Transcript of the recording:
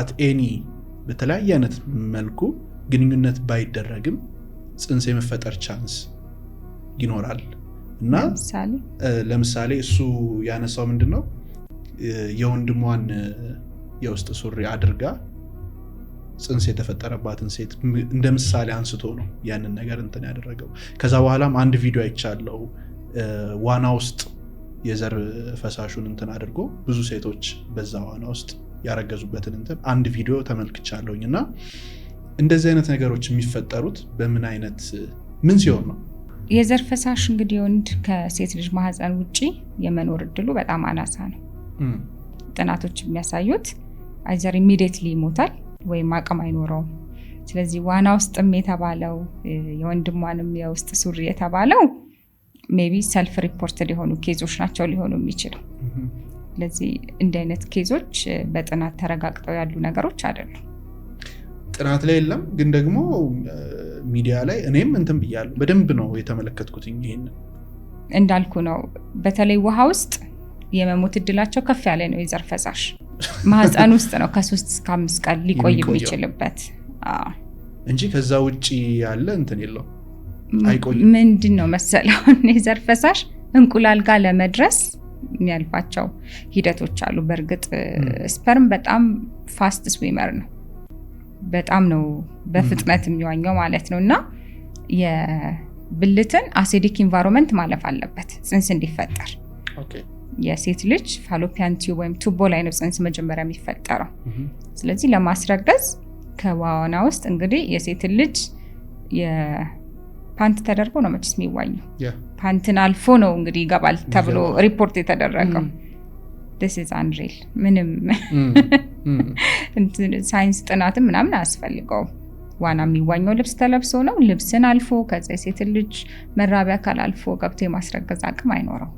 አትኤኒ በተለያየ አይነት መልኩ ግንኙነት ባይደረግም ጽንስ የመፈጠር ቻንስ ይኖራል እና ለምሳሌ እሱ ያነሳው ምንድን ነው የወንድሟን የውስጥ ሱሪ አድርጋ ጽንስ የተፈጠረባትን ሴት እንደ ምሳሌ አንስቶ ነው ያንን ነገር እንትን ያደረገው። ከዛ በኋላም አንድ ቪዲዮ አይቻለው ዋና ውስጥ የዘር ፈሳሹን እንትን አድርጎ ብዙ ሴቶች በዛ ዋና ውስጥ ያረገዙበትን እንትን አንድ ቪዲዮ ተመልክቻለሁኝ እና እንደዚህ አይነት ነገሮች የሚፈጠሩት በምን አይነት ምን ሲሆን ነው? የዘር ፈሳሽ እንግዲህ ወንድ ከሴት ልጅ ማህፀን ውጭ የመኖር እድሉ በጣም አናሳ ነው። ጥናቶች የሚያሳዩት አይዘር ኢሚዲየትሊ ይሞታል ወይም አቅም አይኖረውም። ስለዚህ ዋና ውስጥም የተባለው የወንድሟንም የውስጥ ሱሪ የተባለው ሜቢ ሰልፍ ሪፖርት ሊሆኑ ኬዞች ናቸው ሊሆኑ የሚችለው ስለዚህ እንዲህ አይነት ኬዞች በጥናት ተረጋግጠው ያሉ ነገሮች አይደሉም። ጥናት ላይ የለም፣ ግን ደግሞ ሚዲያ ላይ እኔም እንትን ብያለሁ። በደንብ ነው የተመለከትኩትኝ። ይህን እንዳልኩ ነው። በተለይ ውሃ ውስጥ የመሞት እድላቸው ከፍ ያለ ነው። የዘር ፈሳሽ ማህፀን ውስጥ ነው ከሶስት እስከ አምስት ቀን ሊቆይ የሚችልበት እንጂ ከዛ ውጭ ያለ እንትን የለው ምንድን ነው መሰለውን የዘር ፈሳሽ እንቁላል ጋር ለመድረስ የሚያልፋቸው ሂደቶች አሉ። በእርግጥ ስፐርም በጣም ፋስት ስዊመር ነው። በጣም ነው በፍጥነት የሚዋኘው ማለት ነው እና የብልትን አሲዲክ ኢንቫይሮንመንት ማለፍ አለበት ፅንስ እንዲፈጠር። የሴት ልጅ ፋሎፒያን ቲዩብ ወይም ቱቦ ላይ ነው ፅንስ መጀመሪያ የሚፈጠረው። ስለዚህ ለማስረገዝ ከዋና ውስጥ እንግዲህ የሴትን ልጅ ፓንት ተደርጎ ነው መችስ የሚዋኘው። ፓንትን አልፎ ነው እንግዲህ ይገባል ተብሎ ሪፖርት የተደረገው። ስ አንሬል ምንም ሳይንስ ጥናትም ምናምን አያስፈልገውም። ዋና የሚዋኘው ልብስ ተለብሶ ነው። ልብስን አልፎ ከዚ ሴትን ልጅ መራቢያ አካል አልፎ ገብቶ የማስረገዝ አቅም አይኖረው